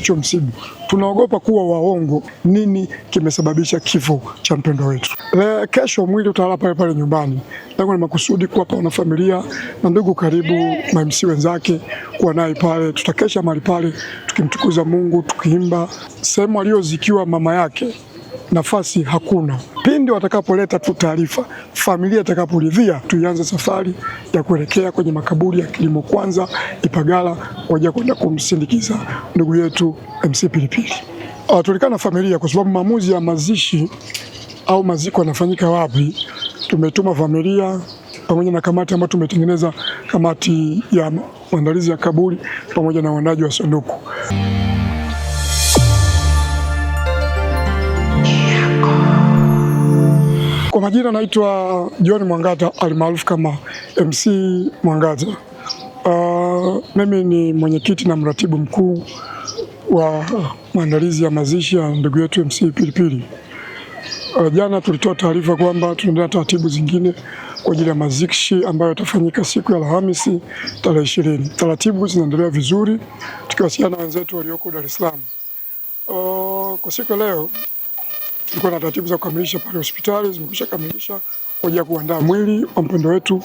Hicho msibu tunaogopa kuwa waongo. Nini kimesababisha kifo cha mpendwa wetu? Eh, kesho mwili utalala pale pale nyumbani. Lengo ni makusudi kuwapa wanafamilia na ndugu karibu, ma-MC wenzake, kuwa naye pale. Tutakesha mahali pale tukimtukuza Mungu, tukiimba sehemu aliyozikiwa mama yake nafasi hakuna. Pindi watakapoleta tu taarifa, familia itakaporidhia, tuianze safari ya kuelekea kwenye makaburi ya Kilimo Kwanza Ipagala kuja kwenda kumsindikiza ndugu yetu MC Pilipili. Ah, tulikaa na familia kwa sababu maamuzi ya mazishi au maziko yanafanyika wapi, tumetuma familia pamoja na kamati ambayo tumetengeneza, kamati ya maandalizi ya kaburi pamoja na uandaji wa sanduku. majina naitwa John Mwangata almaarufu kama MC Mwangata. Uh, ah, mimi ni mwenyekiti na mratibu mkuu wa maandalizi ya mazishi ya ndugu yetu MC Pilipili. Uh, jana tulitoa taarifa kwamba tunaendelea taratibu zingine kwa ajili ya mazishi ambayo yatafanyika siku ya Alhamisi tarehe ishirini. Taratibu zinaendelea vizuri tukiwasiliana na wenzetu walioko Dar es Salaam. Uh, kwa siku ya leo Tulikuwa na taratibu za kukamilisha pale hospitali, zimekwisha kamilisha kwa ajili ya kuandaa mwili wa mpendo wetu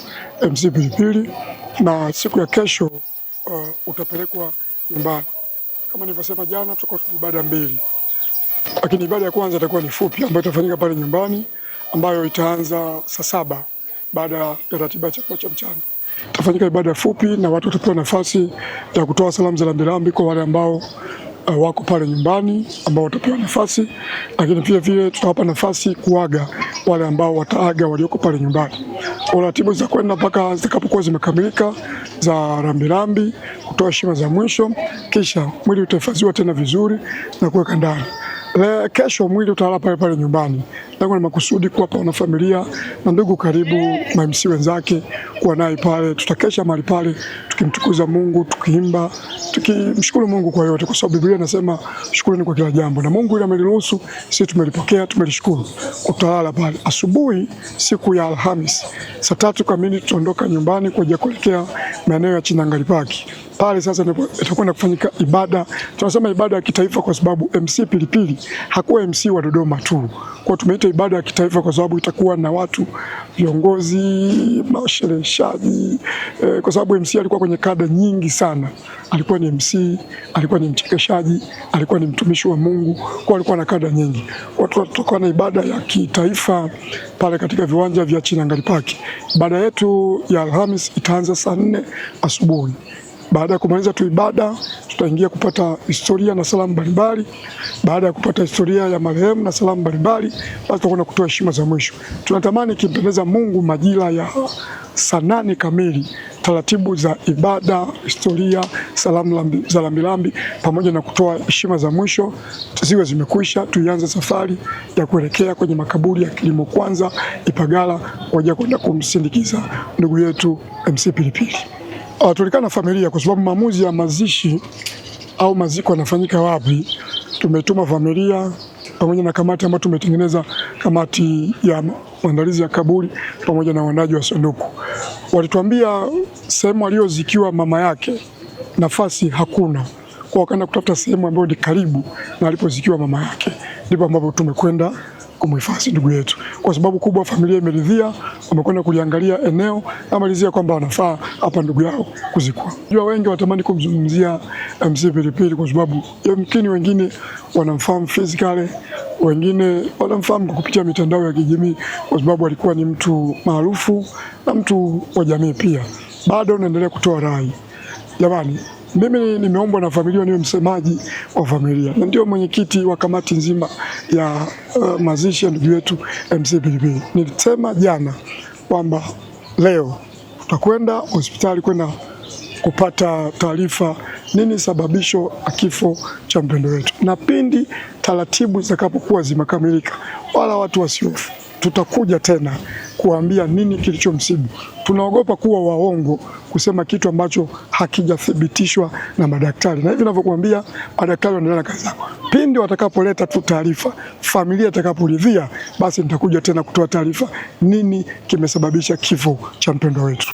MC Pilipili, na siku ya kesho uh, utapelekwa nyumbani. Kama nilivyosema jana, tutakuwa tuna ibada mbili, lakini ibada ya kwanza itakuwa ni fupi ambayo itafanyika pale nyumbani, ambayo itaanza saa saba baada ya ratiba ya chakula cha mchana. Itafanyika ibada fupi na watu watapewa nafasi ya kutoa salamu za rambirambi kwa wale ambao uh, wako pale nyumbani ambao watapewa nafasi, lakini pia vile tutawapa nafasi kuaga wale ambao wataaga walioko pale nyumbani. Taratibu za kwenda mpaka zitakapokuwa zimekamilika za rambirambi, kutoa heshima za mwisho, kisha mwili utahifadhiwa tena vizuri na kuweka ndani. Le eh, kesho mwili utalala pale pale nyumbani. Lengo ni makusudi kuwapa wanafamilia na ndugu karibu, maimsi wenzake kuwa naye pale. Tutakesha mahali pale tukimtukuza Mungu, tukiimba, tukimshukuru Mungu kwa yote, kwa sababu Biblia inasema shukuruni kwa kila jambo, na Mungu ile ameliruhusu, sisi tumelipokea, tumelishukuru. kutalala pale asubuhi, siku ya Alhamisi saa tatu kamili tutaondoka nyumbani kuja kuelekea maeneo ya Chinangali Park pale sasa itakwenda kufanyika ibada, tunasema ibada ya kitaifa, kwa sababu MC Pilipili hakuwa MC wa Dodoma tu, kwa tumeita ibada ya kitaifa kwa sababu itakuwa na watu viongozi, mashereheshaji eh, kwa sababu MC alikuwa kwenye kada nyingi sana. Alikuwa ni MC, alikuwa ni mchekeshaji, alikuwa ni mtumishi wa Mungu, kwa alikuwa na kada nyingi. Kwa tutakuwa na ibada ya kitaifa pale katika viwanja vya Chinangali Park. Ibada yetu ya Alhamis itaanza saa nne asubuhi. Baada ya kumaliza tu ibada, tutaingia kupata historia na salamu mbalimbali. Baada ya kupata historia ya marehemu na salamu mbalimbali, basi tutakwenda kutoa heshima za mwisho. Tunatamani kimpendeza Mungu majira ya saa nane kamili, taratibu za ibada, historia, salamu za rambirambi pamoja na kutoa heshima za mwisho ziwe zimekwisha, tuianze safari ya kuelekea kwenye makaburi ya Kilimo Kwanza Ipagala kwa ajili ya kwenda kumsindikiza ndugu yetu MC Pilipili. Uh, tulikaa na familia kwa sababu maamuzi ya mazishi au maziko yanafanyika wapi, tumetuma familia pamoja na kamati ambayo tumetengeneza, kamati ya maandalizi ya kaburi pamoja na uandaji wa sanduku. Walituambia sehemu aliyozikiwa mama yake nafasi hakuna, kwa wakaenda kutafuta sehemu ambayo ni karibu na alipozikiwa mama yake, ndipo ambapo tumekwenda kumhifadhi ndugu yetu, kwa sababu kubwa familia imeridhia, wamekwenda kuliangalia eneo amalizia kwamba wanafaa hapa ndugu yao kuzikwa. Jua wengi watamani kumzungumzia MC Pilipili kwa sababu yamkini wengine wanamfahamu physically, wengine wanamfahamu kwa kupitia mitandao ya kijamii kwa sababu alikuwa ni mtu maarufu na mtu wa jamii pia. Bado naendelea kutoa rai jamani mimi nimeombwa na familia niwe msemaji wa familia na ndio mwenyekiti wa kamati nzima ya uh, mazishi ya ndugu yetu MC Pilipili. Nilisema jana kwamba leo tutakwenda hospitali kwenda kupata taarifa nini sababisho la kifo cha mpendo wetu, na pindi taratibu zitakapokuwa zimekamilika, wala watu wasiofu tutakuja tena kuambia nini kilichomsibu. Tunaogopa kuwa waongo kusema kitu ambacho hakijathibitishwa na madaktari, na hivi ninavyokuambia, madaktari wanaendelea na kazi zao. Pindi watakapoleta tu taarifa, familia itakaporidhia, basi nitakuja tena kutoa taarifa nini kimesababisha kifo cha mpendwa wetu.